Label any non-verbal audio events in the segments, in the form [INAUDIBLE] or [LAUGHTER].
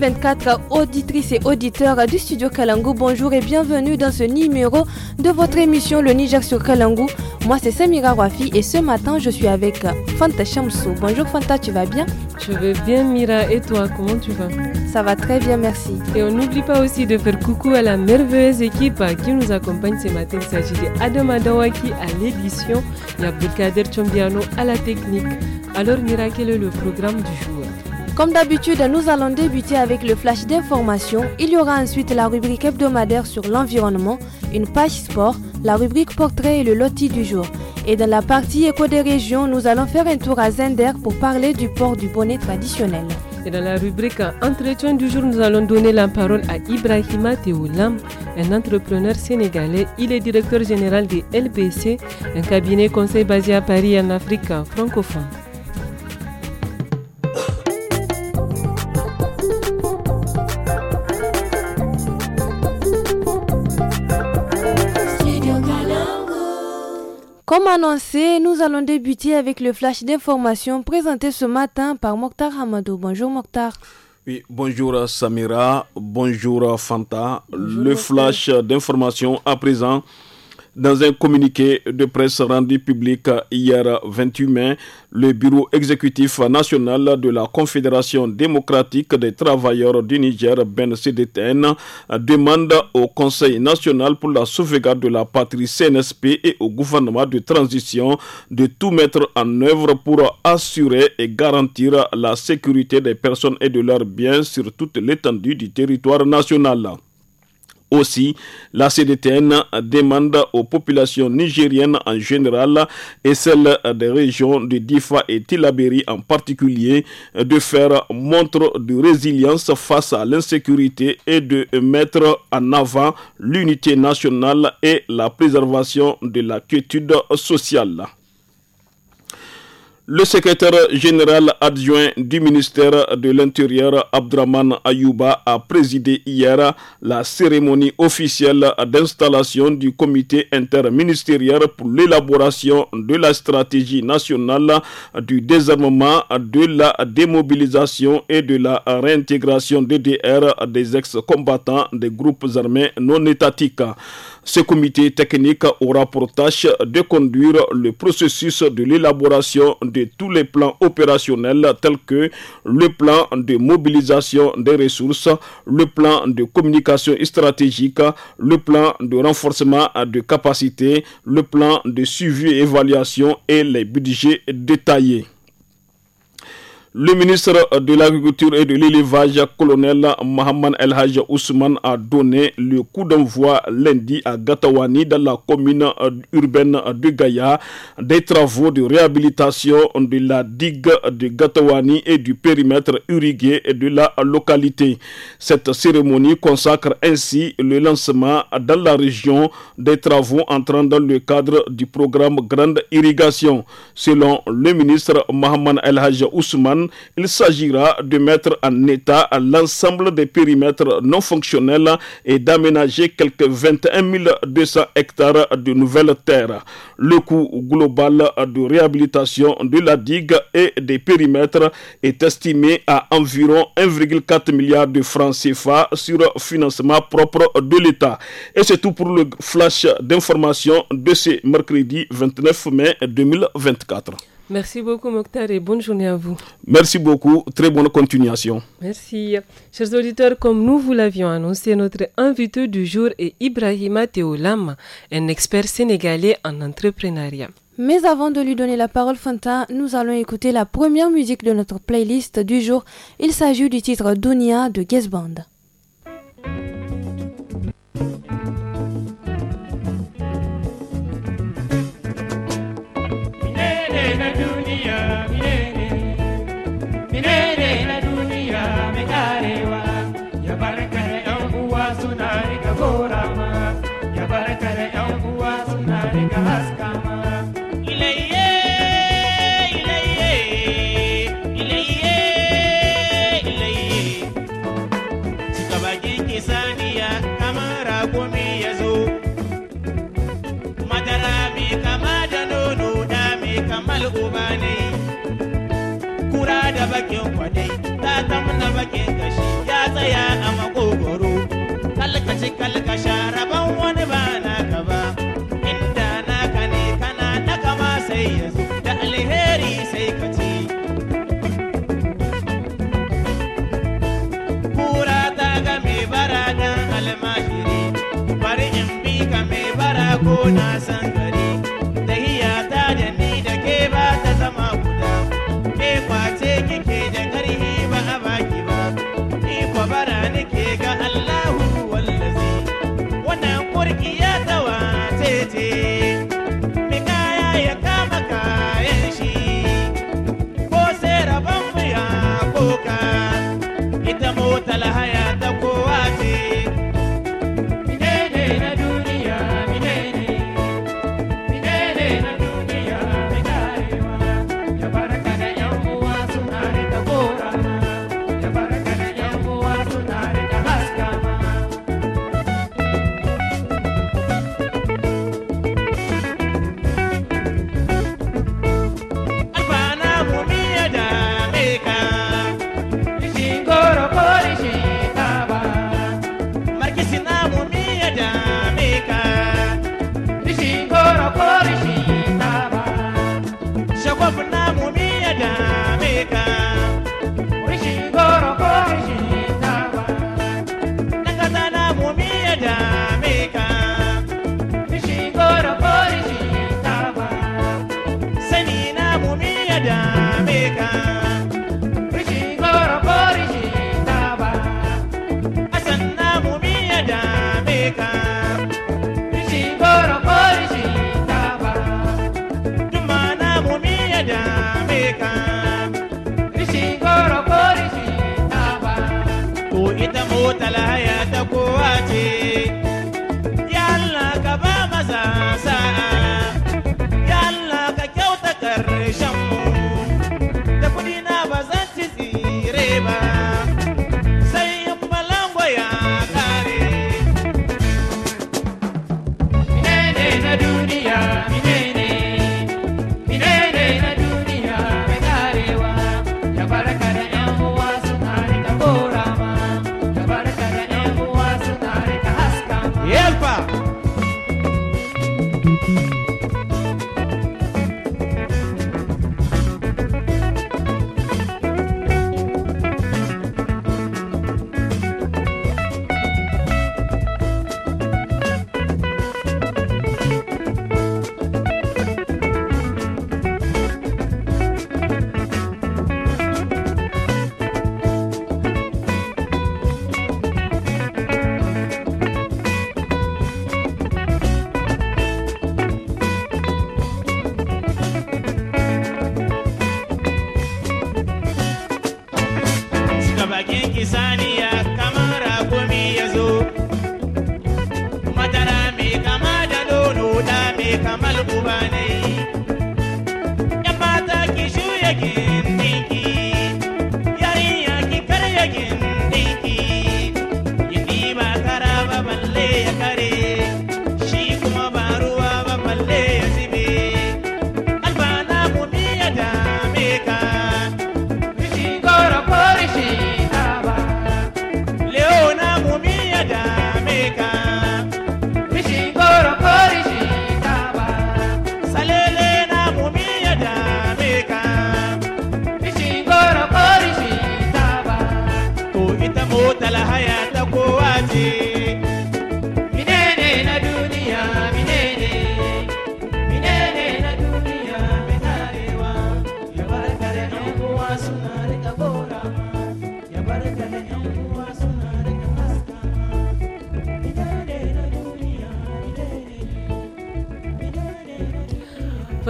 24 auditrices et auditeurs du studio Kalangu, bonjour et bienvenue dans ce numéro de votre émission Le Niger sur Kalangu. Moi, c'est Samira Wafi et ce matin, je suis avec Fanta Shamsou, Bonjour Fanta, tu vas bien Je vais bien, Mira. Et toi, comment tu vas Ça va très bien, merci. Et on n'oublie pas aussi de faire coucou à la merveilleuse équipe qui nous accompagne ce matin. Il s'agit d'Adam Adawaki à l'édition et Abdelkader Chombiano à la technique. Alors, Mira, quel est le programme du jour comme d'habitude, nous allons débuter avec le flash d'information. Il y aura ensuite la rubrique hebdomadaire sur l'environnement, une page sport, la rubrique portrait et le loti du jour. Et dans la partie éco des régions, nous allons faire un tour à Zender pour parler du port du bonnet traditionnel. Et dans la rubrique Entretien du jour, nous allons donner la parole à Ibrahima Teoulam, un entrepreneur sénégalais. Il est directeur général des LBC, un cabinet conseil basé à Paris en Afrique francophone. Comme annoncé, nous allons débuter avec le flash d'information présenté ce matin par Mokhtar Hamadou. Bonjour Mokhtar. Oui, bonjour Samira, bonjour Fanta. le flash d'information à présent. Dans un communiqué de presse rendu public hier 28 mai, le bureau exécutif national de la Confédération démocratique des travailleurs du Niger, Ben CDTN, demande au Conseil national pour la sauvegarde de la patrie CNSP et au gouvernement de transition de tout mettre en œuvre pour assurer et garantir la sécurité des personnes et de leurs biens sur toute l'étendue du territoire national. Aussi, la CDTN demande aux populations nigériennes en général et celles des régions de Difa et Tilaberi en particulier de faire montre de résilience face à l'insécurité et de mettre en avant l'unité nationale et la préservation de la quiétude sociale. Le secrétaire général adjoint du ministère de l'Intérieur, Abdraman Ayouba, a présidé hier la cérémonie officielle d'installation du comité interministériel pour l'élaboration de la stratégie nationale du désarmement, de la démobilisation et de la réintégration DDR des ex-combattants des groupes armés non étatiques. Ce comité technique aura pour tâche de conduire le processus de l'élaboration de tous les plans opérationnels tels que le plan de mobilisation des ressources, le plan de communication stratégique, le plan de renforcement de capacités, le plan de suivi et évaluation et les budgets détaillés. Le ministre de l'Agriculture et de l'Élevage, colonel Mohamed El Haj Ousmane, a donné le coup d'envoi lundi à Gatawani, dans la commune urbaine de Gaïa, des travaux de réhabilitation de la digue de Gatawani et du périmètre irrigué de la localité. Cette cérémonie consacre ainsi le lancement dans la région des travaux entrant dans le cadre du programme Grande Irrigation. Selon le ministre Mohamed El Haj Ousmane, il s'agira de mettre en état l'ensemble des périmètres non fonctionnels et d'aménager quelques 21 200 hectares de nouvelles terres. Le coût global de réhabilitation de la digue et des périmètres est estimé à environ 1,4 milliard de francs CFA sur financement propre de l'État. Et c'est tout pour le flash d'information de ce mercredi 29 mai 2024. Merci beaucoup, Mokhtar, et bonne journée à vous. Merci beaucoup. Très bonne continuation. Merci. Chers auditeurs, comme nous vous l'avions annoncé, notre invité du jour est Ibrahima Teolam, un expert sénégalais en entrepreneuriat. Mais avant de lui donner la parole, Fanta, nous allons écouter la première musique de notre playlist du jour. Il s'agit du titre Dunia de Guessband. bakin kwade ta tamna bakin kashi ya tsaya a makogoro kalkashi kalkasha rabon wani ba naka ba inda naka ne kana naka ma sai yanzu da alheri sai ka ci kura ta ga mai bara dan almahiri bari in bi ka mai bara gona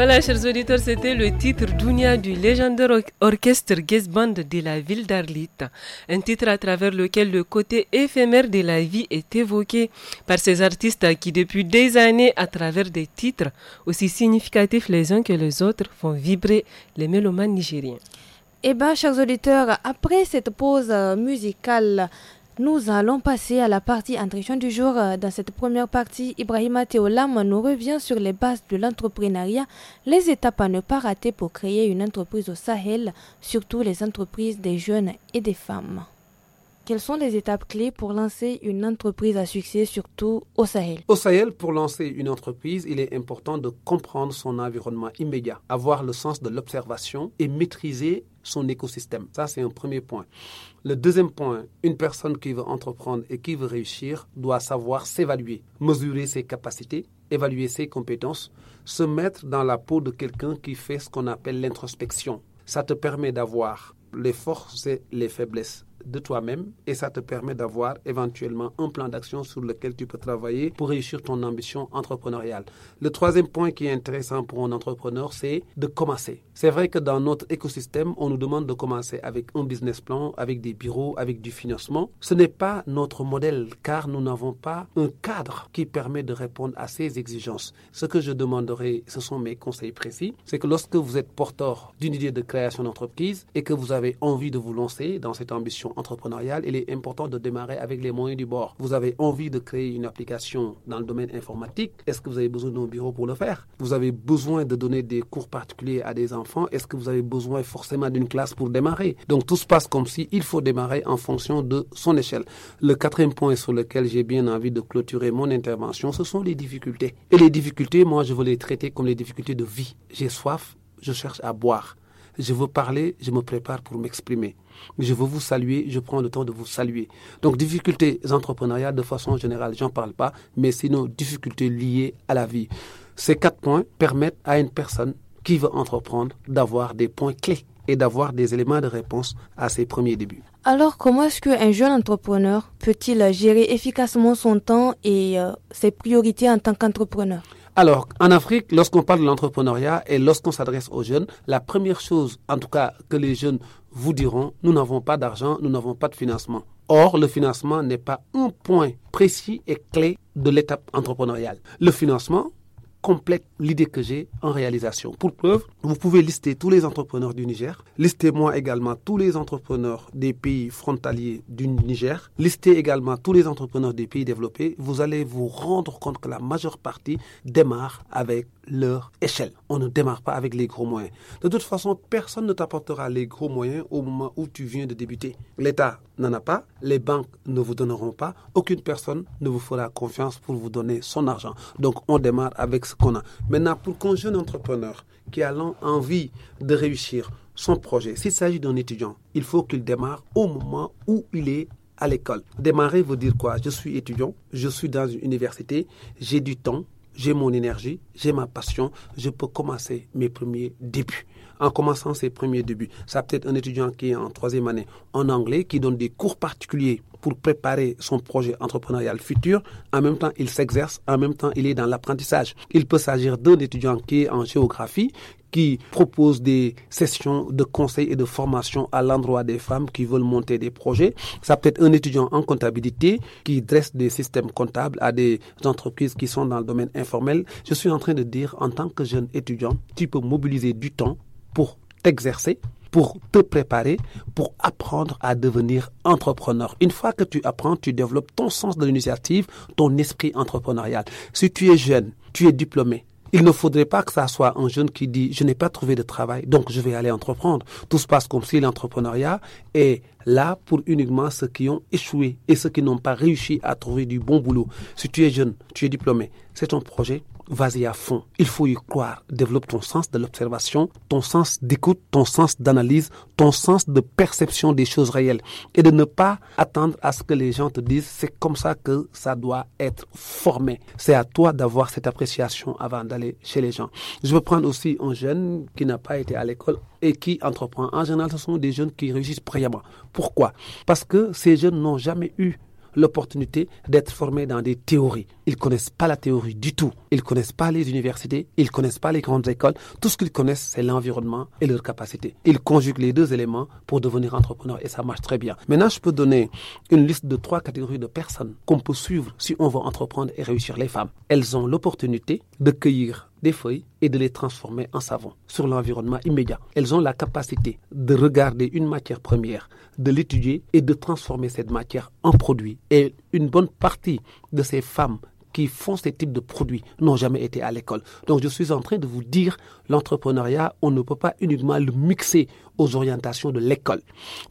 Voilà, chers auditeurs, c'était le titre Dunia du légendaire orchestre orchestre Band de la ville d'Arlit. Un titre à travers lequel le côté éphémère de la vie est évoqué par ces artistes qui, depuis des années, à travers des titres aussi significatifs les uns que les autres, font vibrer les mélomanes nigériens. Eh bien, chers auditeurs, après cette pause musicale, nous allons passer à la partie entretien du jour. Euh, dans cette première partie, Ibrahima Théolam nous revient sur les bases de l'entrepreneuriat, les étapes à ne pas rater pour créer une entreprise au Sahel, surtout les entreprises des jeunes et des femmes. Quelles sont les étapes clés pour lancer une entreprise à succès, surtout au Sahel Au Sahel, pour lancer une entreprise, il est important de comprendre son environnement immédiat, avoir le sens de l'observation et maîtriser son écosystème. Ça, c'est un premier point. Le deuxième point, une personne qui veut entreprendre et qui veut réussir doit savoir s'évaluer, mesurer ses capacités, évaluer ses compétences, se mettre dans la peau de quelqu'un qui fait ce qu'on appelle l'introspection. Ça te permet d'avoir les forces et les faiblesses de toi-même et ça te permet d'avoir éventuellement un plan d'action sur lequel tu peux travailler pour réussir ton ambition entrepreneuriale. Le troisième point qui est intéressant pour un entrepreneur, c'est de commencer. C'est vrai que dans notre écosystème, on nous demande de commencer avec un business plan, avec des bureaux, avec du financement. Ce n'est pas notre modèle car nous n'avons pas un cadre qui permet de répondre à ces exigences. Ce que je demanderai, ce sont mes conseils précis, c'est que lorsque vous êtes porteur d'une idée de création d'entreprise et que vous avez envie de vous lancer dans cette ambition Entrepreneurial, entrepreneuriale, il est important de démarrer avec les moyens du bord. Vous avez envie de créer une application dans le domaine informatique. Est-ce que vous avez besoin d'un bureau pour le faire Vous avez besoin de donner des cours particuliers à des enfants. Est-ce que vous avez besoin forcément d'une classe pour démarrer Donc tout se passe comme si il faut démarrer en fonction de son échelle. Le quatrième point sur lequel j'ai bien envie de clôturer mon intervention, ce sont les difficultés. Et les difficultés, moi, je veux les traiter comme les difficultés de vie. J'ai soif, je cherche à boire je veux parler, je me prépare pour m'exprimer. Je veux vous saluer, je prends le temps de vous saluer. Donc, difficultés entrepreneuriales, de façon générale, j'en parle pas, mais sinon, difficultés liées à la vie. Ces quatre points permettent à une personne qui veut entreprendre d'avoir des points clés et d'avoir des éléments de réponse à ses premiers débuts. Alors, comment est-ce qu'un jeune entrepreneur peut-il gérer efficacement son temps et euh, ses priorités en tant qu'entrepreneur alors, en Afrique, lorsqu'on parle de l'entrepreneuriat et lorsqu'on s'adresse aux jeunes, la première chose, en tout cas, que les jeunes vous diront, nous n'avons pas d'argent, nous n'avons pas de financement. Or, le financement n'est pas un point précis et clé de l'étape entrepreneuriale. Le financement, complète l'idée que j'ai en réalisation. Pour preuve, vous pouvez lister tous les entrepreneurs du Niger, listez-moi également tous les entrepreneurs des pays frontaliers du Niger, listez également tous les entrepreneurs des pays développés, vous allez vous rendre compte que la majeure partie démarre avec leur échelle. On ne démarre pas avec les gros moyens. De toute façon, personne ne t'apportera les gros moyens au moment où tu viens de débuter. L'État n'en a pas, les banques ne vous donneront pas, aucune personne ne vous fera confiance pour vous donner son argent. Donc on démarre avec ce qu'on a. Maintenant, pour qu'un jeune entrepreneur qui a envie de réussir son projet, s'il s'agit d'un étudiant, il faut qu'il démarre au moment où il est à l'école. Démarrer vous dire quoi Je suis étudiant, je suis dans une université, j'ai du temps, j'ai mon énergie, j'ai ma passion, je peux commencer mes premiers débuts. En commençant ses premiers débuts, ça peut être un étudiant qui est en troisième année en anglais, qui donne des cours particuliers pour préparer son projet entrepreneurial futur. En même temps, il s'exerce, en même temps, il est dans l'apprentissage. Il peut s'agir d'un étudiant qui est en géographie, qui propose des sessions de conseil et de formation à l'endroit des femmes qui veulent monter des projets. Ça peut être un étudiant en comptabilité qui dresse des systèmes comptables à des entreprises qui sont dans le domaine informel. Je suis en train de dire, en tant que jeune étudiant, tu peux mobiliser du temps pour t'exercer, pour te préparer, pour apprendre à devenir entrepreneur. Une fois que tu apprends, tu développes ton sens de l'initiative, ton esprit entrepreneurial. Si tu es jeune, tu es diplômé, il ne faudrait pas que ça soit un jeune qui dit je n'ai pas trouvé de travail, donc je vais aller entreprendre. Tout se passe comme si l'entrepreneuriat est là pour uniquement ceux qui ont échoué et ceux qui n'ont pas réussi à trouver du bon boulot. Si tu es jeune, tu es diplômé, c'est ton projet, vas-y à fond. Il faut y croire. Développe ton sens de l'observation, ton sens d'écoute, ton sens d'analyse, ton sens de perception des choses réelles. Et de ne pas attendre à ce que les gens te disent c'est comme ça que ça doit être formé. C'est à toi d'avoir cette appréciation avant d'aller chez les gens. Je veux prendre aussi un jeune qui n'a pas été à l'école et qui entreprend. En général, ce sont des jeunes qui réussissent brillamment. Pourquoi Parce que ces jeunes n'ont jamais eu l'opportunité d'être formés dans des théories. Ils connaissent pas la théorie du tout. Ils connaissent pas les universités, ils connaissent pas les grandes écoles. Tout ce qu'ils connaissent, c'est l'environnement et leurs capacités. Ils conjuguent les deux éléments pour devenir entrepreneur et ça marche très bien. Maintenant, je peux donner une liste de trois catégories de personnes qu'on peut suivre si on veut entreprendre et réussir les femmes. Elles ont l'opportunité de cueillir des feuilles et de les transformer en savon sur l'environnement immédiat. Elles ont la capacité de regarder une matière première, de l'étudier et de transformer cette matière en produit. Et une bonne partie de ces femmes qui font ce type de produits n'ont jamais été à l'école. Donc je suis en train de vous dire, l'entrepreneuriat, on ne peut pas uniquement le mixer aux orientations de l'école.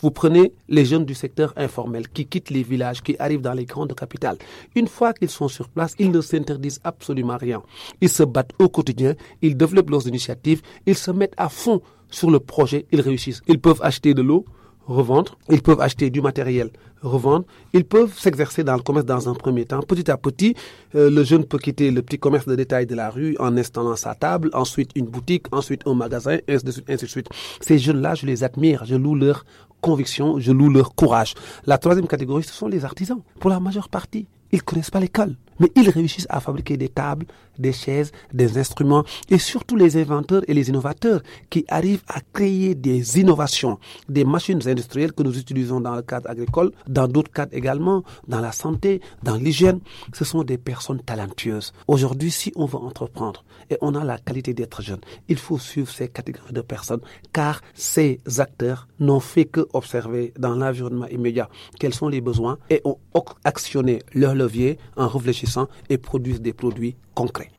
Vous prenez les jeunes du secteur informel qui quittent les villages, qui arrivent dans les grandes capitales. Une fois qu'ils sont sur place, ils ne s'interdisent absolument rien. Ils se battent au quotidien, ils développent leurs initiatives, ils se mettent à fond sur le projet, ils réussissent. Ils peuvent acheter de l'eau, revendre, ils peuvent acheter du matériel, revendre, ils peuvent s'exercer dans le commerce dans un premier temps. Petit à petit, euh, le jeune peut quitter le petit commerce de détail de la rue en installant sa table, ensuite une boutique, ensuite un magasin, ainsi de suite, ainsi de suite. Ces jeunes-là, je les admire, je loue leur conviction, je loue leur courage. La troisième catégorie, ce sont les artisans. Pour la majeure partie, ils connaissent pas l'école mais ils réussissent à fabriquer des tables, des chaises, des instruments, et surtout les inventeurs et les innovateurs qui arrivent à créer des innovations, des machines industrielles que nous utilisons dans le cadre agricole, dans d'autres cadres également, dans la santé, dans l'hygiène. Ce sont des personnes talentueuses. Aujourd'hui, si on veut entreprendre et on a la qualité d'être jeune, il faut suivre ces catégories de personnes, car ces acteurs n'ont fait que observer dans l'environnement immédiat quels sont les besoins et ont actionné leur levier en réfléchissant et produisent des produits concrets.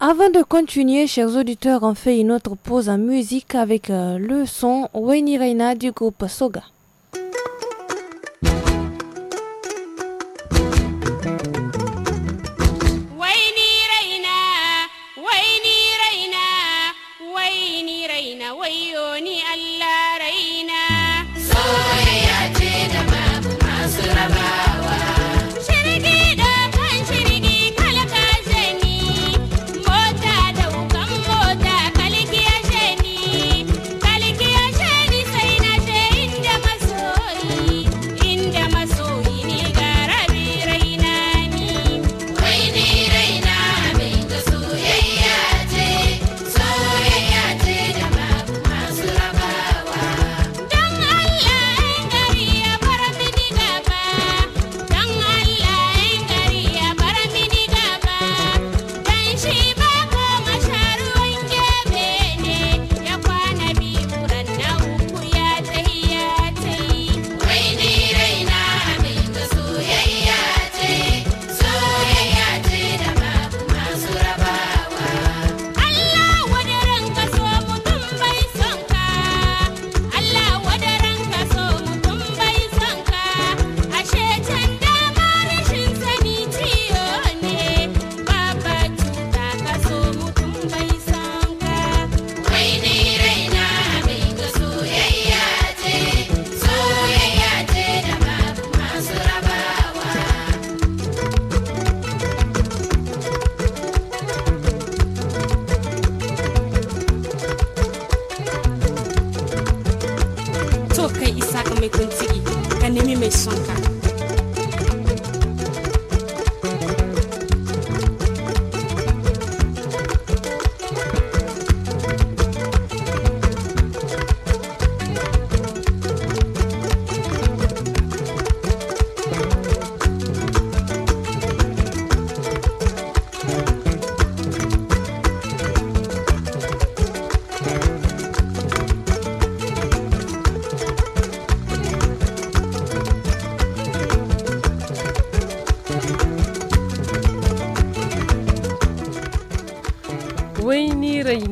Avant de continuer, chers auditeurs, on fait une autre pause en musique avec euh, le son Weni Reina du groupe Soga.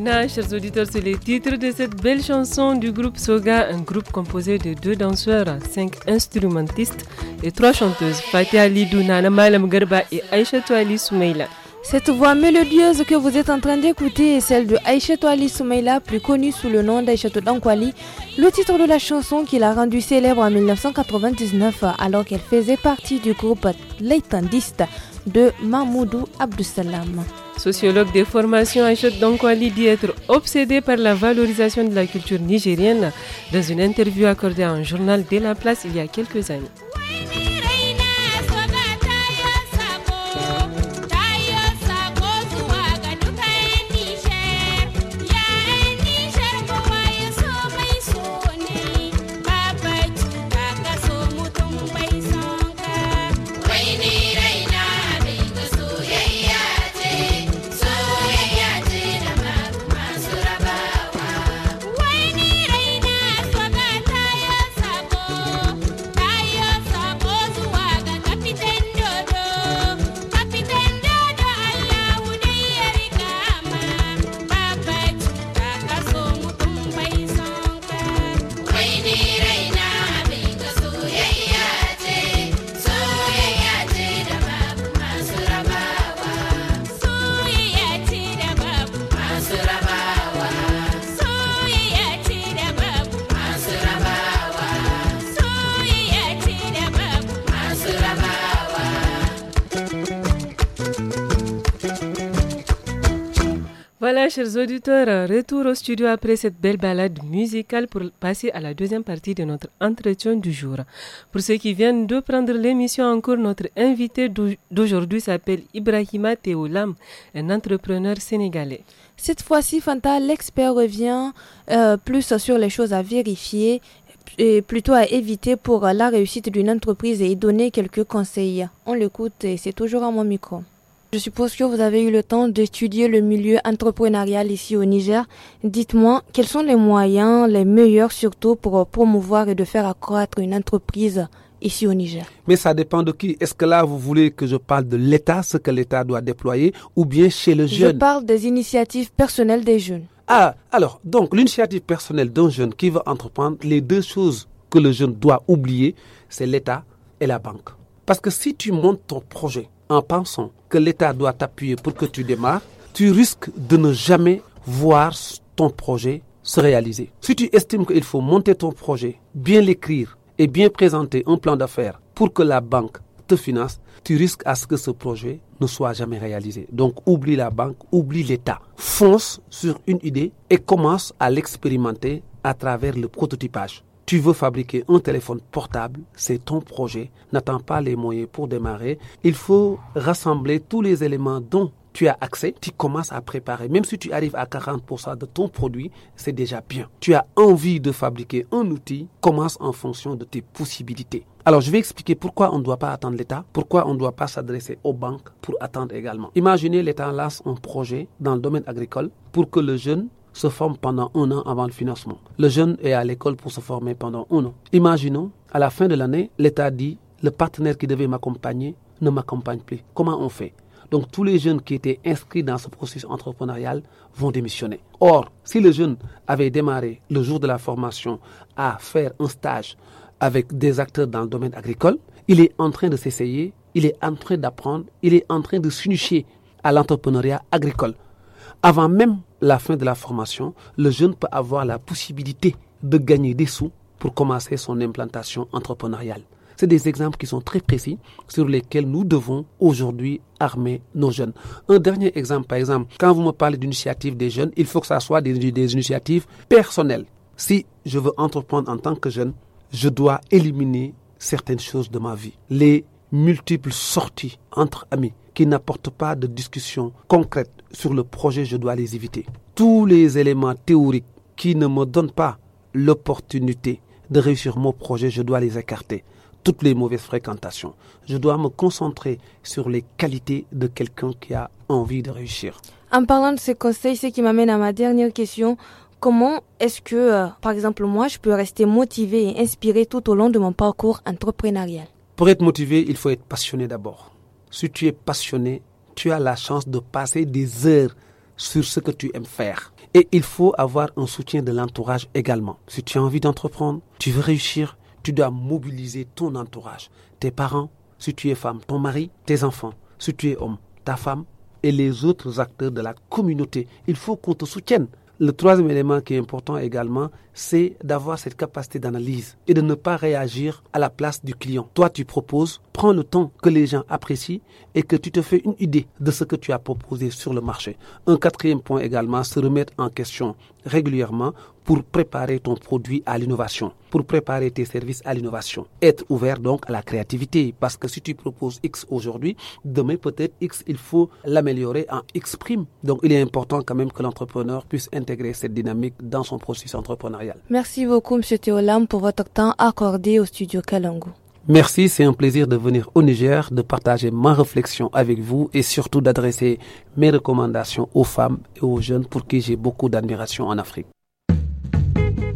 chers auditeurs, c'est le titre de cette belle chanson du groupe Soga, un groupe composé de deux danseurs, cinq instrumentistes et trois chanteuses, Fatia Lidou, Nana Malam Garba et Aïcha Ali Soumeila. Cette voix mélodieuse que vous êtes en train d'écouter est celle de Aisha Ali Soumeila, plus connue sous le nom d'Aïchetou Dankwali, le titre de la chanson qui l'a rendue célèbre en 1999 alors qu'elle faisait partie du groupe leitandiste de Mahmoudou Abdussalam. Sociologue de formation, donc Donkwali dit être obsédé par la valorisation de la culture nigérienne dans une interview accordée à un journal de la place il y a quelques années. chers auditeurs, retour au studio après cette belle balade musicale pour passer à la deuxième partie de notre entretien du jour. Pour ceux qui viennent de prendre l'émission en cours, notre invité d'aujourd'hui s'appelle Ibrahima Teoulam, un entrepreneur sénégalais. Cette fois-ci, Fanta, l'expert revient euh, plus sur les choses à vérifier et plutôt à éviter pour la réussite d'une entreprise et donner quelques conseils. On l'écoute et c'est toujours à mon micro. Je suppose que vous avez eu le temps d'étudier le milieu entrepreneurial ici au Niger. Dites-moi, quels sont les moyens les meilleurs surtout pour promouvoir et de faire accroître une entreprise ici au Niger. Mais ça dépend de qui. Est-ce que là, vous voulez que je parle de l'État, ce que l'État doit déployer, ou bien chez le jeune Je parle des initiatives personnelles des jeunes. Ah, alors, donc l'initiative personnelle d'un jeune qui veut entreprendre, les deux choses que le jeune doit oublier, c'est l'État et la banque. Parce que si tu montes ton projet, en pensant que l'État doit t'appuyer pour que tu démarres, tu risques de ne jamais voir ton projet se réaliser. Si tu estimes qu'il faut monter ton projet, bien l'écrire et bien présenter un plan d'affaires pour que la banque te finance, tu risques à ce que ce projet ne soit jamais réalisé. Donc oublie la banque, oublie l'État. Fonce sur une idée et commence à l'expérimenter à travers le prototypage. Tu veux fabriquer un téléphone portable, c'est ton projet. N'attends pas les moyens pour démarrer. Il faut rassembler tous les éléments dont tu as accès, tu commences à préparer. Même si tu arrives à 40% de ton produit, c'est déjà bien. Tu as envie de fabriquer un outil, commence en fonction de tes possibilités. Alors, je vais expliquer pourquoi on ne doit pas attendre l'État, pourquoi on ne doit pas s'adresser aux banques pour attendre également. Imaginez l'État lance un projet dans le domaine agricole pour que le jeune se forme pendant un an avant le financement. Le jeune est à l'école pour se former pendant un an. Imaginons, à la fin de l'année, l'État dit, le partenaire qui devait m'accompagner ne m'accompagne plus. Comment on fait donc tous les jeunes qui étaient inscrits dans ce processus entrepreneurial vont démissionner. Or, si le jeune avait démarré le jour de la formation à faire un stage avec des acteurs dans le domaine agricole, il est en train de s'essayer, il est en train d'apprendre, il est en train de s'initier à l'entrepreneuriat agricole avant même la fin de la formation, le jeune peut avoir la possibilité de gagner des sous pour commencer son implantation entrepreneuriale. C'est des exemples qui sont très précis sur lesquels nous devons aujourd'hui armer nos jeunes. Un dernier exemple, par exemple, quand vous me parlez d'initiatives des jeunes, il faut que ça soit des, des initiatives personnelles. Si je veux entreprendre en tant que jeune, je dois éliminer certaines choses de ma vie. Les multiples sorties entre amis, qui n'apportent pas de discussion concrète sur le projet, je dois les éviter. Tous les éléments théoriques qui ne me donnent pas l'opportunité de réussir mon projet, je dois les écarter. Toutes les mauvaises fréquentations. Je dois me concentrer sur les qualités de quelqu'un qui a envie de réussir. En parlant de ces conseils, ce qui m'amène à ma dernière question. Comment est-ce que, euh, par exemple, moi, je peux rester motivé et inspiré tout au long de mon parcours entrepreneurial Pour être motivé, il faut être passionné d'abord si tu es passionné, tu as la chance de passer des heures sur ce que tu aimes faire. Et il faut avoir un soutien de l'entourage également. Si tu as envie d'entreprendre, tu veux réussir, tu dois mobiliser ton entourage, tes parents, si tu es femme, ton mari, tes enfants, si tu es homme, ta femme et les autres acteurs de la communauté. Il faut qu'on te soutienne. Le troisième élément qui est important également, c'est d'avoir cette capacité d'analyse et de ne pas réagir à la place du client. Toi, tu proposes, prends le temps que les gens apprécient et que tu te fais une idée de ce que tu as proposé sur le marché. Un quatrième point également, se remettre en question régulièrement pour préparer ton produit à l'innovation, pour préparer tes services à l'innovation. Être ouvert donc à la créativité, parce que si tu proposes X aujourd'hui, demain peut-être X, il faut l'améliorer en X prime. Donc il est important quand même que l'entrepreneur puisse intégrer cette dynamique dans son processus entrepreneurial. Merci beaucoup, M. Théolam, pour votre temps accordé au studio Kalango. Merci, c'est un plaisir de venir au Niger, de partager ma réflexion avec vous et surtout d'adresser mes recommandations aux femmes et aux jeunes pour qui j'ai beaucoup d'admiration en Afrique.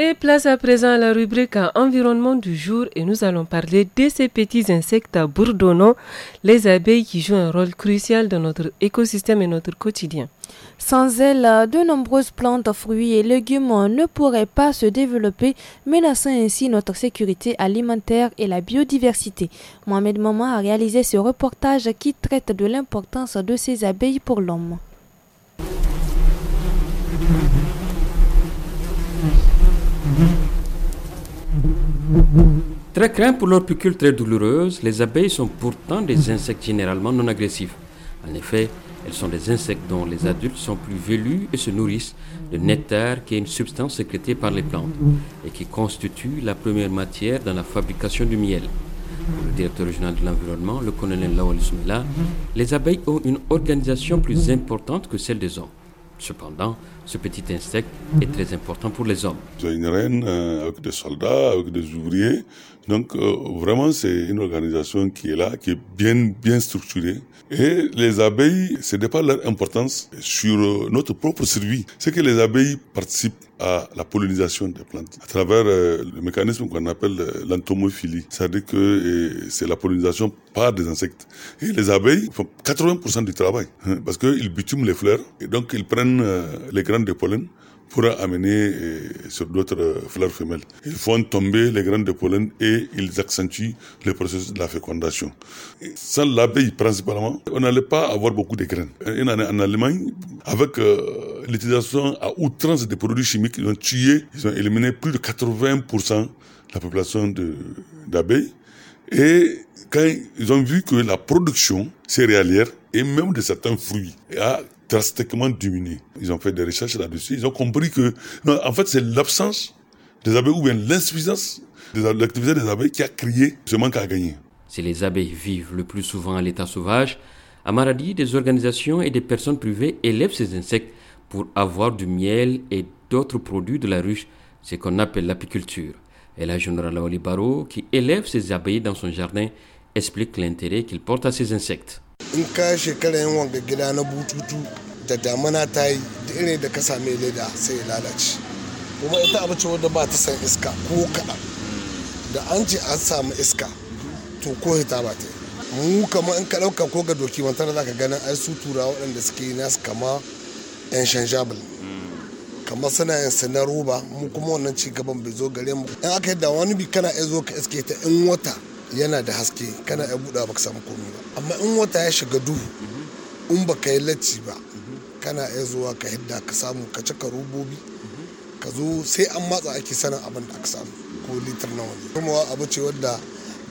Et place à présent à la rubrique environnement du jour et nous allons parler de ces petits insectes bourdonnants, les abeilles qui jouent un rôle crucial dans notre écosystème et notre quotidien. Sans elles, de nombreuses plantes, fruits et légumes ne pourraient pas se développer, menaçant ainsi notre sécurité alimentaire et la biodiversité. Mohamed Maman a réalisé ce reportage qui traite de l'importance de ces abeilles pour l'homme. Très craintes pour leur pucule très douloureuse, les abeilles sont pourtant des mhm. insectes généralement non agressifs. En effet, elles sont des insectes dont les mhm. adultes sont plus velus et se nourrissent de mhm. nectar qui est une substance sécrétée par les plantes et qui constitue la première matière dans la fabrication du miel. Pour le directeur régional de l'environnement, le colonel Lawal Soumela, les abeilles ont une organisation plus importante que celle des hommes. Cependant, ce petit insecte est très important pour les hommes. C'est une reine euh, avec des soldats, avec des ouvriers donc euh, vraiment, c'est une organisation qui est là, qui est bien bien structurée. Et les abeilles, ce n'est pas leur importance sur euh, notre propre survie. C'est que les abeilles participent à la pollinisation des plantes à travers euh, le mécanisme qu'on appelle l'entomophilie. C'est-à-dire que c'est la pollinisation par des insectes. Et les abeilles font 80% du travail hein, parce qu'ils bitument les fleurs et donc ils prennent les grains de pollen pour amener euh, sur d'autres euh, fleurs femelles. Ils font tomber les graines de pollen et ils accentuent le processus de la fécondation. Sans l'abeille principalement, on n'allait pas avoir beaucoup de graines. Euh, une en Allemagne, avec l'utilisation à outrance des produits chimiques, ils ont tué, ils ont éliminé plus de 80% de la population d'abeilles. Et quand ils ont vu que la production céréalière et même de certains fruits a drastiquement diminué. Ils ont fait des recherches là-dessus. Ils ont compris que, non, en fait, c'est l'absence des abeilles ou bien l'insuffisance de l'activité des abeilles qui a créé ce manque à gagner. Si les abeilles vivent le plus souvent à l'état sauvage, à Maradi, des organisations et des personnes privées élèvent ces insectes pour avoir du miel et d'autres produits de la ruche, ce qu'on appelle l'apiculture. Et la générale Olibaro, qui élève ses abeilles dans son jardin, explique l'intérêt qu'il porte à ces insectes. in ka shekara yin wanga gida na bututu da damana ta yi da irin da ka same leda sai ya lalace kuma ita abu ce wadda ba ta san iska ko kaɗan da an ce an samu iska to ko hita ba ta mu kama in ka ɗauka ko ga doki wantar za ka ganin ai su tura waɗanda suke yi nasu kama yan shanjabul kamar suna yin sinar na roba mu kuma wannan ci gaban bai zo gare mu in aka yi da wani bi kana iya zo ka iske ta in wata yana da haske kana ya buɗa baka samu komai ba amma in wata ya shiga duhu in baka yi lacci ba kana ya zuwa ka hidda ka samu ka cika robobi ka zo sai an matsa ake sanin abin da aka samu ko litar na wani kuma abu ce wadda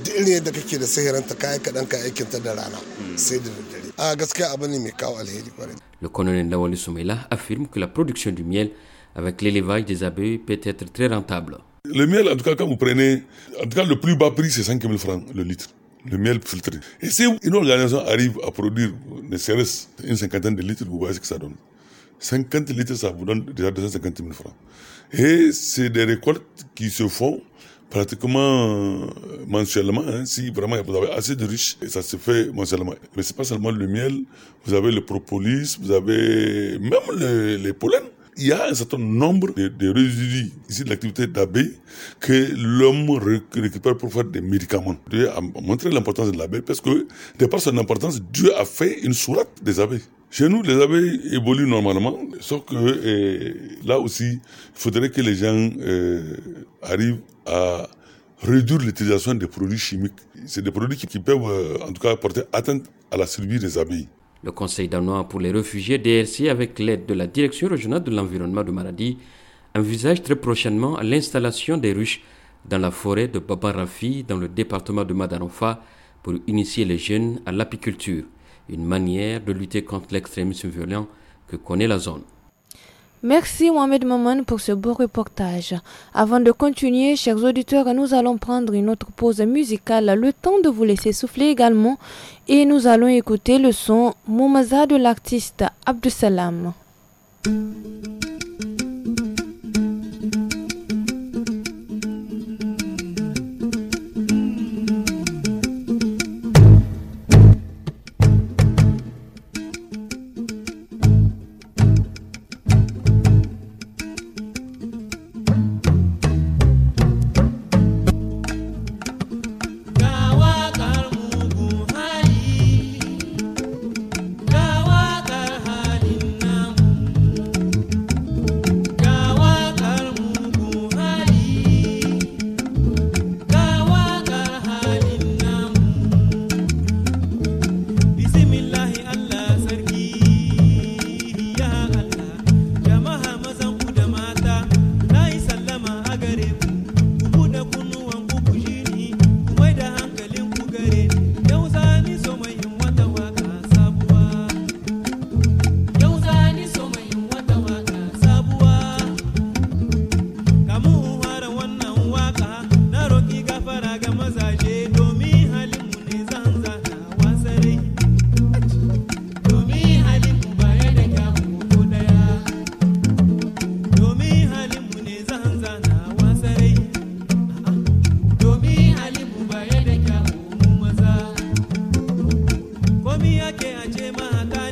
duk irin yadda kake da ta kayan kaɗan ka aikin ta da rana sai da daddare a gaskiya abu ne mai kawo alheri kwarai le da wani sumaila a que la production du miel avec l'élevage des abeilles peut être très rentable. Le miel, en tout cas, quand vous prenez, en tout cas, le plus bas prix, c'est 5 000 francs le litre, le miel filtré. Et si une organisation arrive à produire, ne serait une cinquantaine de litres, vous voyez ce que ça donne. 50 litres, ça vous donne déjà 250 000 francs. Et c'est des récoltes qui se font pratiquement euh, mensuellement. Hein. si vraiment vous avez assez de riches, ça se fait mensuellement. Mais c'est pas seulement le miel, vous avez le propolis, vous avez même les pollens il y a un certain nombre de, résidus ici de l'activité d'abeilles que l'homme récupère pour faire des médicaments. Dieu a montré l'importance de l'abeille parce que, de par son importance, Dieu a fait une sourate des abeilles. Chez nous, les abeilles évoluent normalement, sauf que euh, là aussi, il faudrait que les gens euh, arrivent à réduire l'utilisation des produits chimiques. C'est des produits qui, peuvent, euh, en tout cas, porter atteinte à la survie des abeilles. Le Conseil danois pour les réfugiés DRC, avec l'aide de la Direction régionale de l'environnement de Maradi, envisage très prochainement l'installation des ruches dans la forêt de Baba dans le département de Madarofa, pour initier les jeunes à l'apiculture, une manière de lutter contre l'extrémisme violent que connaît la zone. Merci Mohamed Maman pour ce beau reportage. Avant de continuer, chers auditeurs, nous allons prendre une autre pause musicale, le temps de vous laisser souffler également, et nous allons écouter le son Mumaza de l'artiste Abdusalam. yake ajema hata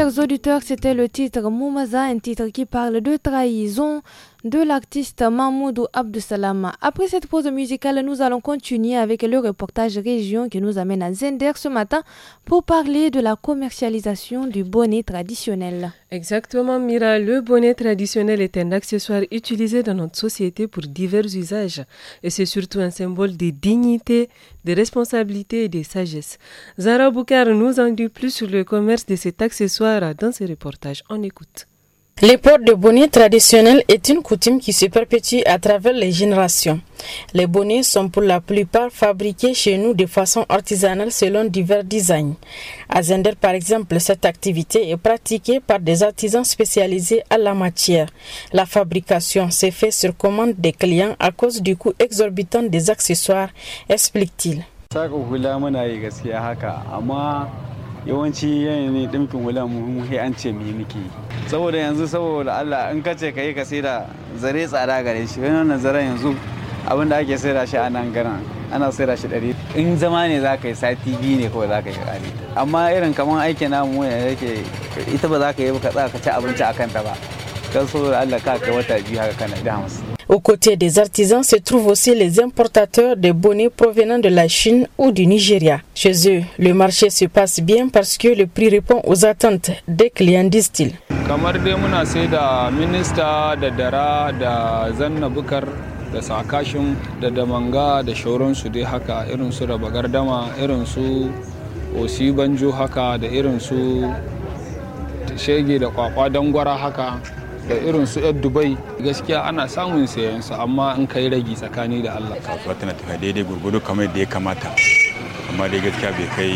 chers auditeurs, c'était le titre Moumaza, un titre qui parle de trahison, de l'artiste Mahmoudou Salama. Après cette pause musicale, nous allons continuer avec le reportage région qui nous amène à Zender ce matin pour parler de la commercialisation du bonnet traditionnel. Exactement, Mira. Le bonnet traditionnel est un accessoire utilisé dans notre société pour divers usages et c'est surtout un symbole de dignité, de responsabilité et de sagesse. Zara Boukar nous en dit plus sur le commerce de cet accessoire dans ce reportage. On écoute. Les portes de bonnets traditionnels est une coutume qui se perpétue à travers les générations. Les bonnets sont pour la plupart fabriqués chez nous de façon artisanale selon divers designs. À Zender, par exemple, cette activité est pratiquée par des artisans spécialisés à la matière. La fabrication s'est faite sur commande des clients à cause du coût exorbitant des accessoires, explique-t-il. yawanci yanayin wula hula mu an ce mu yi muke saboda yanzu saboda Allah in ka ce ka yi ka sai da zare tsada gare shi wani wannan zaren yanzu abin da ake sai da shi a nan garan ana sai da shi ɗari in zama ne za ka yi sati biyu ne kawai za ka yi ƙari amma irin kamar aikin namu ne yake ita ba za ka yi ba ka tsaka ci abinci a kanta ba kan saboda Allah ka kai wata biyu haka kana da hamsin Aux côtés des artisans se trouvent aussi les importateurs de bonnets provenant de la Chine ou du Nigeria. Chez eux, le marché se passe bien parce que le prix répond aux attentes des clients, disent-ils. da irin su yan dubai gaskiya ana samun sayan su amma in kai ragi tsakani da allah kasuwa tana tafiya daidai gurgudu kamar da ya kamata amma dai gaskiya bai kai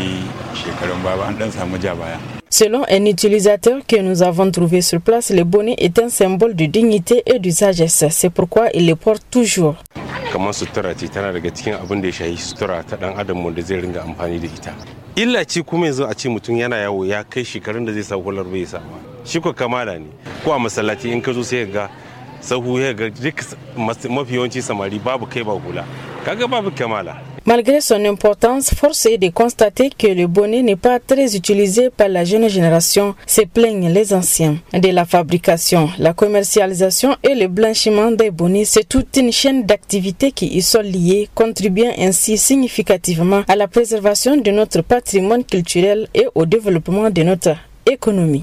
shekarun baya ba an dan samu ja baya Selon un utilisateur que nous avons trouvé sur place, le bonnet est un symbole de dignité et de sagesse. C'est pourquoi il le porte toujours. kamar sutura ce tana daga cikin abin da ya shahi sutura ta dans adam wanda zai ringa amfani da ita illa ce kuma yanzu a ce mutum yana yawo ya kai shekarun da zai sa hular bai sa ba Malgré son importance, force est de constater que le bonnet n'est pas très utilisé par la jeune génération, se plaignent les anciens. De la fabrication, la commercialisation et le blanchiment des bonnets, c'est toute une chaîne d'activités qui y sont liées, contribuant ainsi significativement à la préservation de notre patrimoine culturel et au développement de notre économie.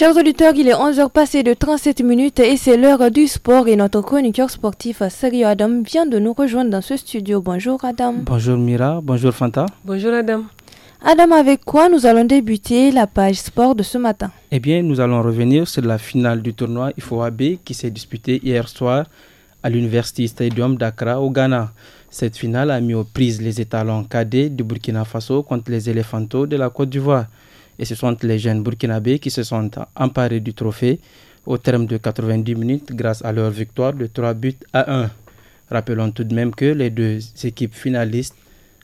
Chers auditeurs, il est 11h passé de 37 minutes et c'est l'heure du sport et notre chroniqueur sportif Sergio Adam vient de nous rejoindre dans ce studio. Bonjour Adam. Bonjour Mira, bonjour Fanta. Bonjour Adam. Adam, avec quoi nous allons débuter la page sport de ce matin Eh bien, nous allons revenir sur la finale du tournoi IFOAB qui s'est disputée hier soir à l'université Stadium d'Accra au Ghana. Cette finale a mis aux prises les étalons cadets du Burkina Faso contre les éléphantos de la Côte d'Ivoire. Et ce sont les jeunes burkinabés qui se sont emparés du trophée au terme de 90 minutes grâce à leur victoire de 3 buts à 1. Rappelons tout de même que les deux équipes finalistes,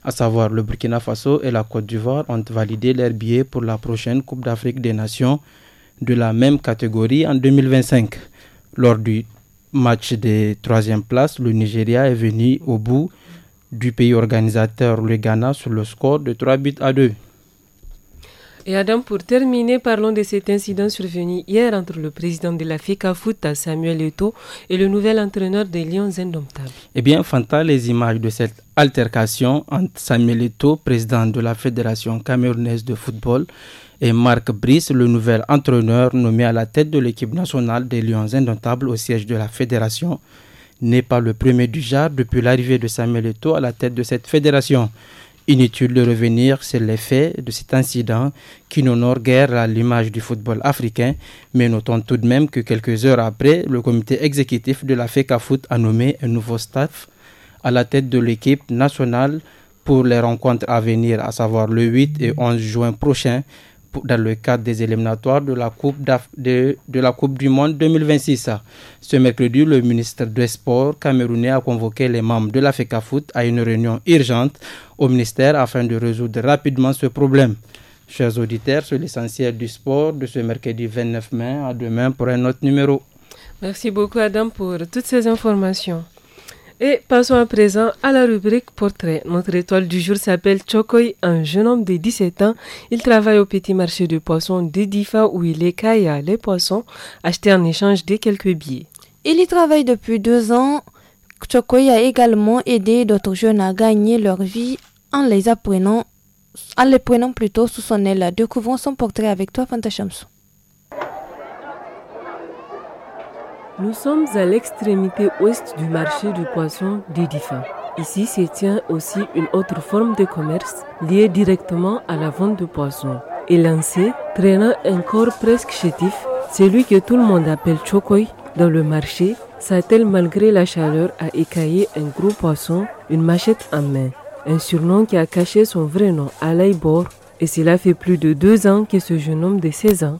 à savoir le Burkina Faso et la Côte d'Ivoire, ont validé leur billet pour la prochaine Coupe d'Afrique des Nations de la même catégorie en 2025. Lors du match des troisième places, le Nigeria est venu au bout du pays organisateur, le Ghana, sur le score de 3 buts à 2. Et Adam, pour terminer, parlons de cet incident survenu hier entre le président de la FECA Foot, Samuel Eto, et le nouvel entraîneur des Lions Indomptables. Eh bien, Fanta, les images de cette altercation entre Samuel Eto, président de la Fédération camerounaise de football, et Marc Brice, le nouvel entraîneur nommé à la tête de l'équipe nationale des Lions Indomptables au siège de la Fédération, n'est pas le premier du genre depuis l'arrivée de Samuel Eto à la tête de cette fédération. Inutile de revenir sur l'effet de cet incident qui n'honore guère l'image du football africain, mais notons tout de même que quelques heures après, le comité exécutif de la FECA a nommé un nouveau staff à la tête de l'équipe nationale pour les rencontres à venir, à savoir le 8 et 11 juin prochain, dans le cadre des éliminatoires de la Coupe, du Monde 2026. Ce mercredi, le ministre des Sports camerounais a convoqué les membres de la FECAFOOT à une réunion urgente au ministère afin de résoudre rapidement ce problème. Chers auditeurs, c'est l'essentiel du sport de ce mercredi 29 mai. À demain pour un autre numéro. Merci beaucoup Adam pour toutes ces informations. Et passons à présent à la rubrique portrait. Notre étoile du jour s'appelle Chokoy, un jeune homme de 17 ans. Il travaille au petit marché de poissons d'Edifa où il écaille les poissons achetés en échange de quelques billets. Il y travaille depuis deux ans. Chokoi a également aidé d'autres jeunes à gagner leur vie en les apprenant, les prenant plutôt sous son aile. Découvrons son portrait avec toi, Fanta Nous sommes à l'extrémité ouest du marché du poisson d'Edifa. Ici se tient aussi une autre forme de commerce liée directement à la vente de poissons. Et traînant un corps presque chétif, celui que tout le monde appelle chokoi dans le marché, s'attelle malgré la chaleur à écailler un gros poisson, une machette en main. Un surnom qui a caché son vrai nom, à Bor, et cela fait plus de deux ans que ce jeune homme de 16 ans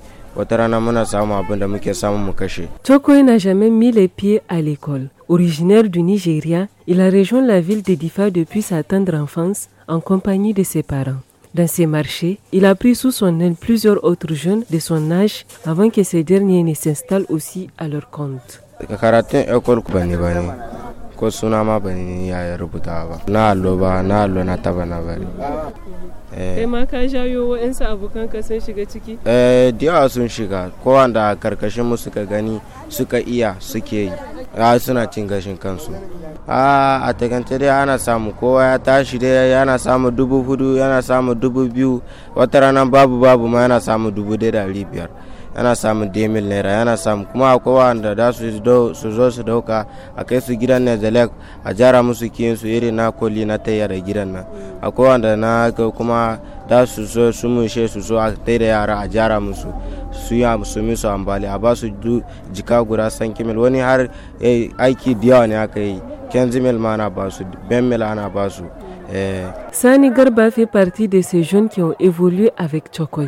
watarana n'a jamais mis les pieds à l'école. Originaire du Nigeria, il a rejoint la ville d'Edifa depuis sa tendre enfance en compagnie de ses parents. Dans ses marchés, il a pris sous son aile plusieurs autres jeunes de son âge avant que ces derniers ne s'installent aussi à leur compte. ko suna ma ba ni ya rubuta ba na allo ba na allo na taba na bari eh. kai ma ka jayo abokan ka sun shiga ciki eh diya sun shiga wanda karkashin mu suka gani suka iya suke yi a suna cin gashin kansu a a takance dai ana samu kowa ya tashi dai yana samu dubu hudu yana samu dubu biyu wata ranar babu babu ma yana samu dubu dai da biyar yana samun demil naira yana samun kuma akwai wanda da su su zo su dauka a kai su gidan na zalek a jara musu kiyin su iri na koli na tayya da gidan nan akwai wanda na ga kuma da su zo su mushe su zo a tai da yara a jara musu su yi su misu ambali a ba su jika guda san kimil wani har eh, aiki diyawa ne aka yi kenzimil ma ana ba su ben mil ana ba su eh. Sani Garba fait partie de ces jeunes qui ont évolué avec Chokoy.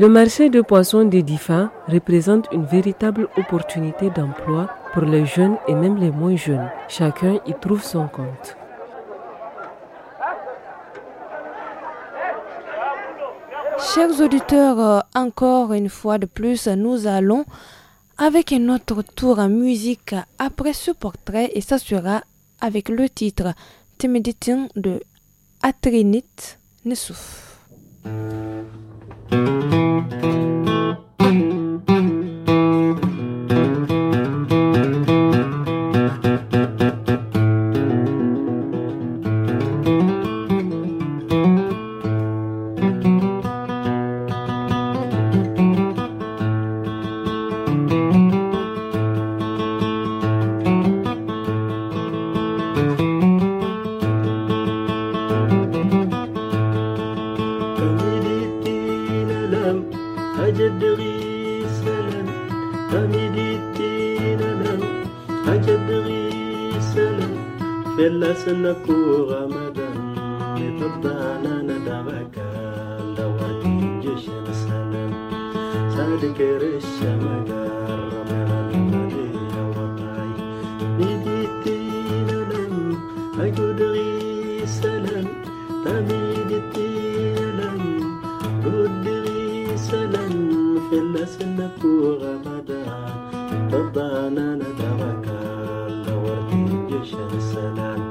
Le marché de poissons des représente une véritable opportunité d'emploi pour les jeunes et même les moins jeunes. Chacun y trouve son compte. Chers auditeurs, euh, encore une fois de plus, nous allons avec un autre tour en musique. Après ce portrait, et ça sera avec le titre Temeditin de Atrinit Nessouf. Thank you. سنكو غمدا لطبانا ندمك لواتي جيش السنة صادق رشمك قدري سلام تميدتي لم قدري سلام في الأسنك وغمدان تضعنا ندمك لورتي جيش السلام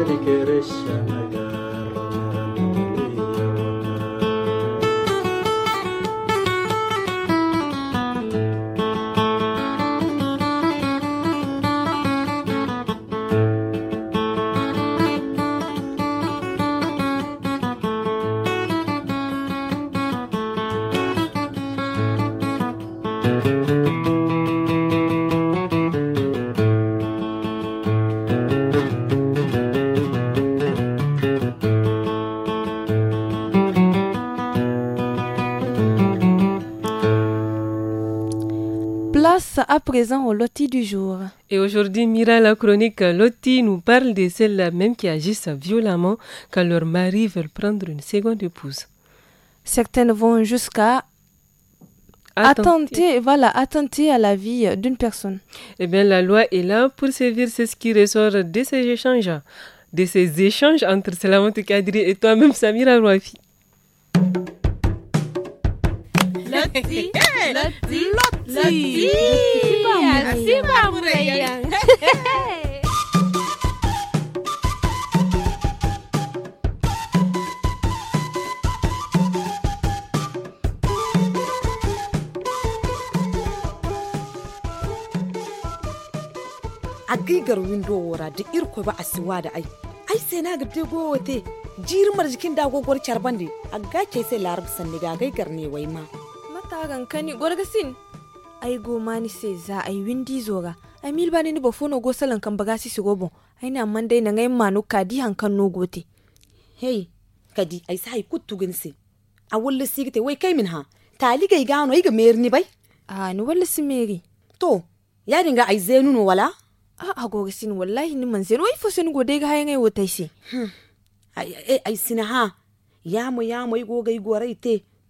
Hare Krishna présent au loti du jour. Et aujourd'hui, Mira, la chronique Loti nous parle de celles-là même qui agissent violemment quand leur mari veut prendre une seconde épouse. Certaines vont jusqu'à attenter, voilà, attenter à la vie d'une personne. Eh bien, la loi est là pour servir c'est ce qui ressort de ces échanges, de ces échanges entre Salamante Kadri et toi-même, Samira Rouafi. Loti, wo ra da irkoy ba a si windo ay ay se no a siwa da ai jiiri sai na gabde go goro care bandi a carbande a gake se laaraba sanni ga a ne wai ma tagan kani gorga sin ai go mani se za ai windi zoga ai mil bani ni bofono go salan kan bagasi si gobo ai na man dai na ngai manu kadi hankan no gote hey kadi ai sai kuttu ginse a walla sigite wai kai min ha tali gai gano ai ga merni bai a ni walla si meri to ya dinga ai zenu no wala a a goga sin wallahi ni man zenu ai fo sin go dai ga hayan ai wotai si hmm. ai ai sin ha yamu yamu ai goga ai gorai te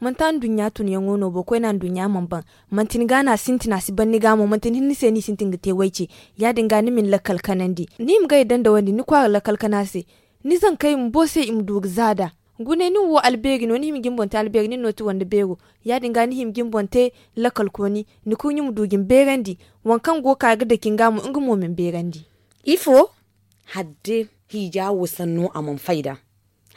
mantan dunya tun yango no bo koina dunya mamban mantin gana sintina si banni gamo mantin hinni se ni sintin gite waice ya dinga ni min lakal kanandi ni mga idan da wani ni kwa lakal kanase ni zan kai mu bo se im dug zada gune ni wo albegi no ni him gimbonte albegi ni noti wanda bego ya dinga ni him gimbonte lakal koni ni ku ni mu dugin berandi wankan go ka ga da kingamu ingu mo min begandi ifo hadde hijawo sanno amon faida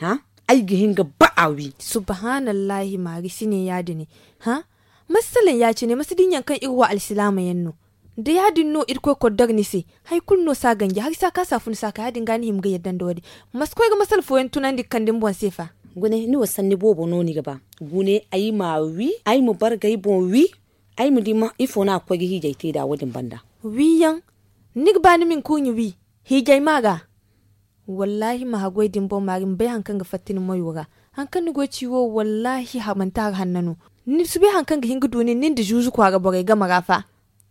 ha aigihin ga ba'awi subhanallahi mari shine yadi ne ha masalan ya ce ne dinyan kan irwa alisilama yanno da yadin no irko kodar ni se haikul kunno sa gangi har sa ka fun sa ka yadin gani himga yaddan da wadi maskoi ga masal foyen tunan dikkan din bon sefa gune ni wasan ni bobo no ni gaba gune ayi ma wi. ayi mu bar gai bon wi ayi mu di ma ifo na kwagi hijai te da wadin banda yan, ni gaba ni min kunyi wi hijai maga wallahi ma hagoi dimbo marin bai hankan ga fattin wura hankan ni wo wallahi hamanta har hannanu ni su bai hankan ga hingu doni nin da juzu kwara bore ga marafa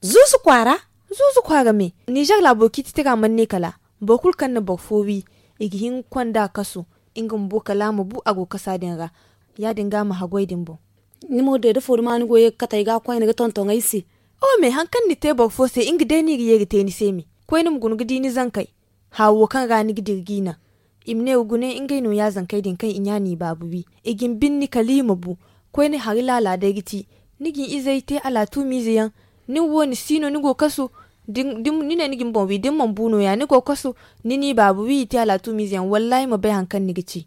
zuzu kwara zuzu kwara me nijar laboki kiti man manne kala bokul kan na bofowi hin kwanda kasu ingin bo kala mu bu ago kasa ga ya dinga ma hagoi dimbo ni mo de da fodu mani goye kata ga kwai ne ga tonton aisi o me hankan ni te bofo se ingi deni ga yegi te ni semi kwai ni mugun gidi ni zankai hawo kan ranig dirgina imne ugune no ya zankai din kan inyani bi igin binni kalima bu ko ni hari lala da giti nigin izai te ala tu miziyan ni woni sino ni go kaso din ne nigin bon bi din man buno ya ni go kaso ni ni bi te ala tu miziyan wallahi ma bai hankan ni gici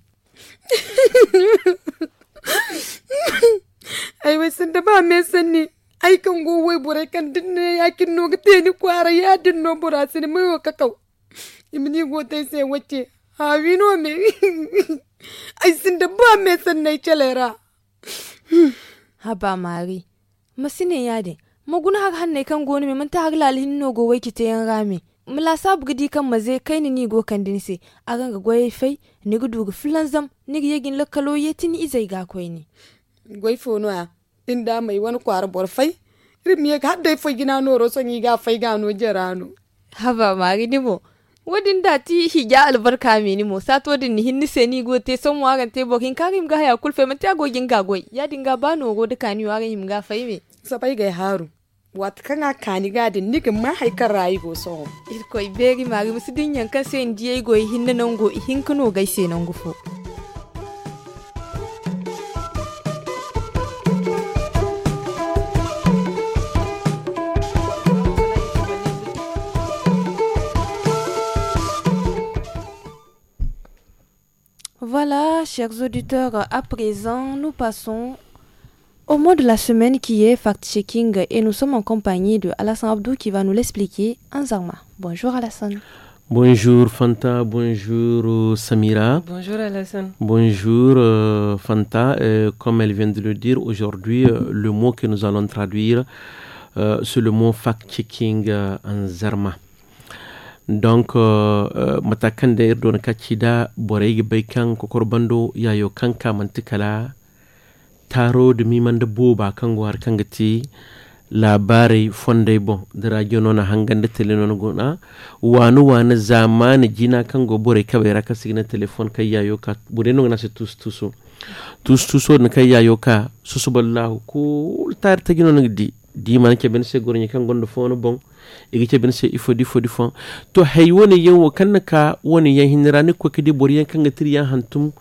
[LAUGHS] ai wai sun da ba me sanni ai kan go wai bure kan dinne yakin no gite ni kwara ya bura sin mai wa kakau imini gote se wace hawino me ai sin da ba me sannai calera haba mari masine yade maguna har hanne kan goni me manta har lalhin no go waiki te yan rame mula sabu gidi kan maze kai ni ni go kan dinse agan ga goye fai ni gudu ga fulan zam ni ga yegin lakalo yetin izai ga koi ni goy fono a din da mai wani kwara bor fai rim ye ga dai fai gina no ro yi ga fai ga no jerano haba mari ni mo wadin da ti higa albarka meni mo sato din hinni ni go te som waran te bokin karim ga ya kulfe mata ga gagoi ya dinga ba no go duka ni waran him ga faime bai ga haru wat ga kani ga din nika ma kan rayi go so ir koi mari musidin kan se ndiye go hinna nan go hin kuno gaise nan gufo Voilà, chers auditeurs, à présent, nous passons au mot de la semaine qui est fact-checking et nous sommes en compagnie de Alassane Abdou qui va nous l'expliquer en Zarma. Bonjour Alassane. Bonjour Fanta, bonjour euh, Samira. Bonjour Alassane. Bonjour euh, Fanta. comme elle vient de le dire, aujourd'hui, euh, le mot que nous allons traduire, c'est le mot fact-checking en Zarma. donc uh, matakan da irdo na kaci da borai bai kan kokor bando yayo kan kamantikala taro da miman da boba kan gwar kan gati labarai fondai bon da radio nona hangan da tele nona gona wani wani zamani jina kan go borai ka raka signa telefon kai yayo ka bude nuna na se tus tusu tus tuso na kai yayo ka susu ballahu ko tar ta gino na gidi diman ke ben se gorni kan gondo fono bon e ke ben se ifo di fo di fo to hay woni yen wo kan ka woni yen hinirani ko kidi bori yen kan gatri yan hantum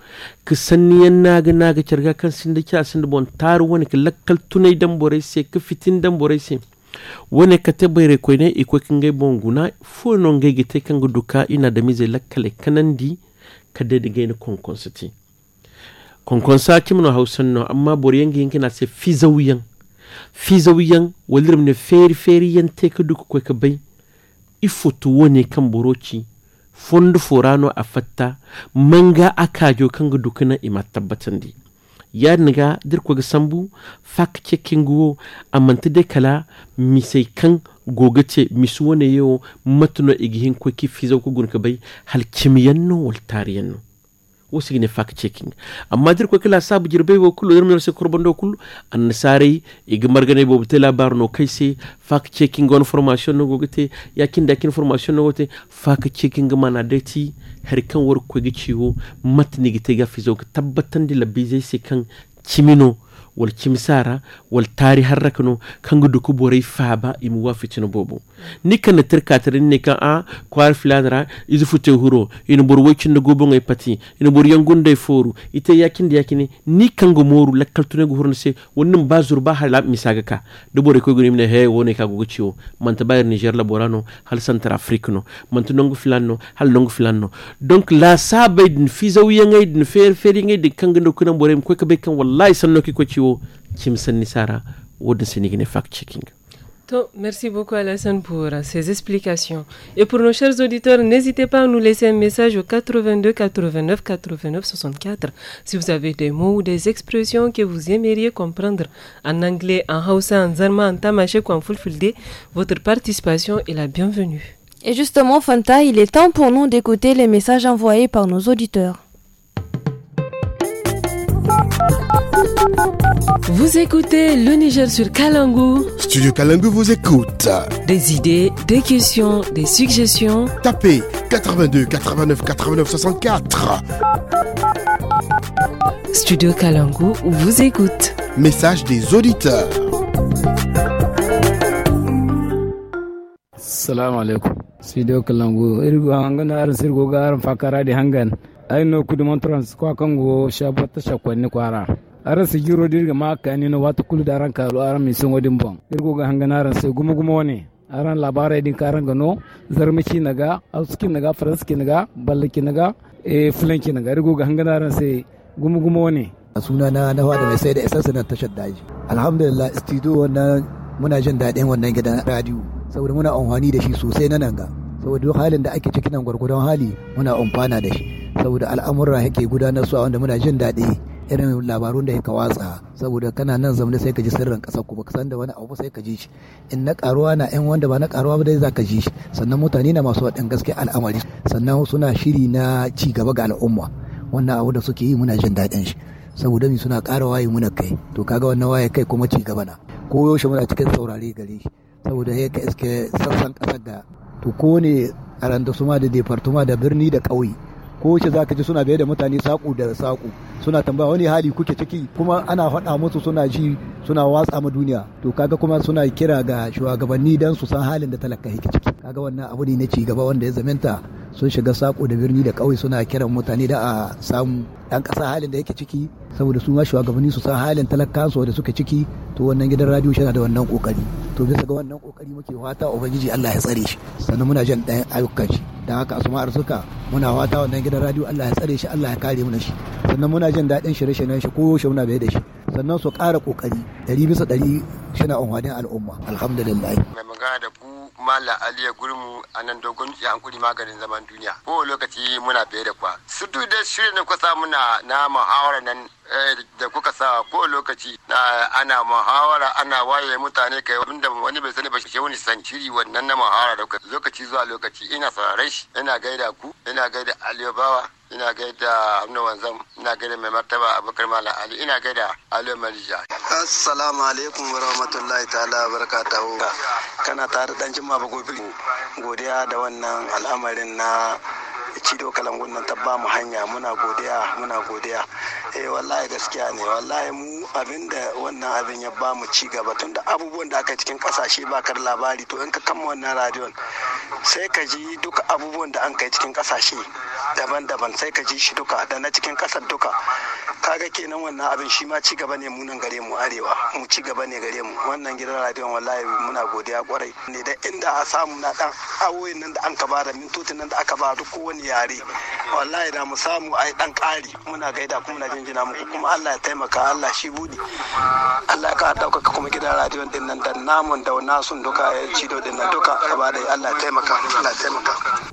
ke sanni yen naga naga cerga kan sinde kya sinde bon taru woni ke lakkal tunay dan borai se ke fitin dan borai se woni wone kate bayre koyne iko ngai bon guna fo non gege te kanga duka ina da mize lakkale kanandi ka de de gene konkonsati konkonsa kimno hausanno amma bori yen kina se fizawiyan fi yan walirim ne feri feri yan teka duku kwe ka bai tuwo ne kan buroci fondu furano a fatta manga akajo kan ga dukuna ima tabbatan di ya niga dirko ga sambu fak cikin guwo manta dai kala misai kan gogace misu wane yau matuna igihin kwaki fi zau kugun ka bai halkimiyan waltariyan nan wo sigine fact checking amma dir ko kila sabu jirbe wo kullu dir se korbondo kullu an sare e gmargane bo te labar no kaise fact checking on formation no gote yakin da kin formation no gote fact checking mana dati har kan war ko gichiwo ciwo matni gite ga fizo tabbatan di zai se kan cimino wal cimisara wal tari harrakno kanga duku borai faba imu waficino bobo ni kana tirkatare ni kan a ah, kwar filanara izu fute huro ina bor wacinda gobo ngai pati ina bor yangunda foru ite yakinde yakini ni kanga moru la kaltune go hornse wonnin bazur ba hala misaga ka do bore ko gnim ne he woni ka go ciwo manta bayar niger la borano hal central africano manta nongo filanno hal nongo filanno donc la sabaydin fizawiyangaydin fer fer yangaydin kanga ndo kunan bore ko ka wallahi sanno ki ciwo merci beaucoup Alassane pour euh, ces explications. Et pour nos chers auditeurs, n'hésitez pas à nous laisser un message au 82 89 89 64 si vous avez des mots ou des expressions que vous aimeriez comprendre en anglais, en hausa, en zarma, en tamaché, ou en fulfulde. Votre participation est la bienvenue. Et justement, Fanta, il est temps pour nous d'écouter les messages envoyés par nos auditeurs. Vous écoutez le Niger sur Kalangu. Studio Kalangu vous écoute. Des idées, des questions, des suggestions. Tapez 82 89 89 64. Studio Kalangu vous écoute. Message des auditeurs. Salam alaikum. Studio Kalangu. Ara sa giro dirga ma ka ni no wata kulu da aran ka lo aran mi songo bon dirgo ga hangana ran se gumu gumu ne aran labarai din karan gano zarmaci naga auski naga faranski naga ballaki naga e eh, flanki naga dirgo ga hangana ran sai gumu gumu ne suna na na da mai sai da esansa sanar tashar daji alhamdulillah studio wannan muna jin daɗin wannan gidan radio saboda muna amfani da shi sosai na nan ga saboda duk halin da ake ciki nan gwargwadon hali muna amfana da shi saboda al'amuran yake gudanar su a wanda muna jin daɗi irin labarun da ka watsa saboda kana nan zamne sai ka ji sirrin kasar ku ba san da wani abu sai ka ji shi in na karuwa na in wanda ba na karuwa ba dai za ka ji shi sannan mutane na masu waɗin gaskiya al'amari sannan suna shiri na ci gaba ga al'umma wannan abu da suke yi muna jin daɗin shi saboda mi suna ƙara waye muna kai to kaga wannan waye kai kuma ci gaba na ko yaushe muna cikin saurare gare shi saboda ya ka iske sassan ƙasar ga to ko ne a da suma da departuma da birni da ƙauye ko yaushe za ka ji suna biye da mutane saƙo da saƙo suna tambaya wani hali kuke ciki kuma ana faɗa musu suna ji suna watsa ma duniya to kaga kuma suna kira ga shugabanni don su san halin da talaka yake ciki kaga wannan abu ne na ci gaba wanda ya zamanta sun shiga sako da birni da ƙauye suna kiran mutane da a samu ɗan ƙasa halin da yake ciki saboda su ma shugabanni su san halin talakansu da suke ciki to wannan gidan radio shi da wannan kokari to bisa ga wannan kokari muke fata ubangiji Allah ya tsare shi sannan muna jin dan ayyukan shi dan haka asuma arzuka muna fata wannan gidan radio Allah ya tsare shi Allah ya kare mana shi sannan muna jin daɗin shirye-shiryen shi ko shi muna bai da shi sannan su ƙara kokari ɗari bisa ɗari shina amfanin al'umma alhamdulillah mai magana da ku mala aliya gurmu a nan dogon tsaye an kudi maganin zaman akan duniya ko lokaci muna bai da kwa su duk da shirin da kusa muna na muhawara nan eh, da kuka sa ko lokaci na ana muhawara ana waye mutane kai wanda wani bai sani ba shi wani san shiri wannan na muhawara da lokaci zuwa lokaci ina saurare shi ina gaida ku ina gaida aliyu bawa. ina gaida amna wanzam ina gaida mai martaba abubakar malam ali ina gaida aliyu malija assalamu alaikum wa rahmatullahi ta'ala wa barakatuhu kana tare dan jimma ba gobe godiya da wannan al'amarin na cido kalangun nan ta ba mu hanya muna godiya muna godiya eh wallahi gaskiya ne wallahi mu abinda wannan abin ya ba mu ci gaba tunda abubuwan da aka cikin kasashe ba kar labari to in ka kama wannan radiyon sai ka ji duka abubuwan da an kai cikin kasashe daban-daban sai ka ji shi duka da na cikin kasar duka kaga kenan wannan abin shi ma ci gaba ne munan gare mu arewa mu ci gaba ne gare mu wannan gidan radiyon wallahi muna godiya kwarai ne da inda a samu na dan awoyin nan da an ka bada mintotin nan da aka ba duk wani yare wallahi da mu samu ai dan kari muna gaida kuma na jinjina muku kuma Allah ya taimaka Allah shi budi Allah ya ka dauka kuma gidan radiyon din nan da namun da nasun duka ya ci do din nan duka gaba da Allah ya taimaka Allah ya taimaka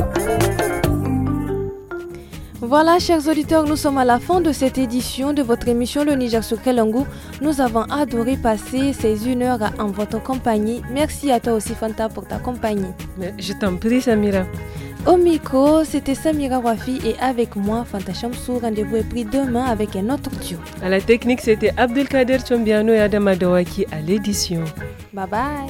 Voilà, chers auditeurs, nous sommes à la fin de cette édition de votre émission Le Niger sur Nous avons adoré passer ces une heure en votre compagnie. Merci à toi aussi, Fanta, pour ta compagnie. Je t'en prie, Samira. Au micro, c'était Samira Wafi et avec moi, Fanta Chamsou. Rendez-vous est pris demain avec un autre duo. À la technique, c'était Abdelkader Chombiano et Adam Adawaki à l'édition. Bye bye.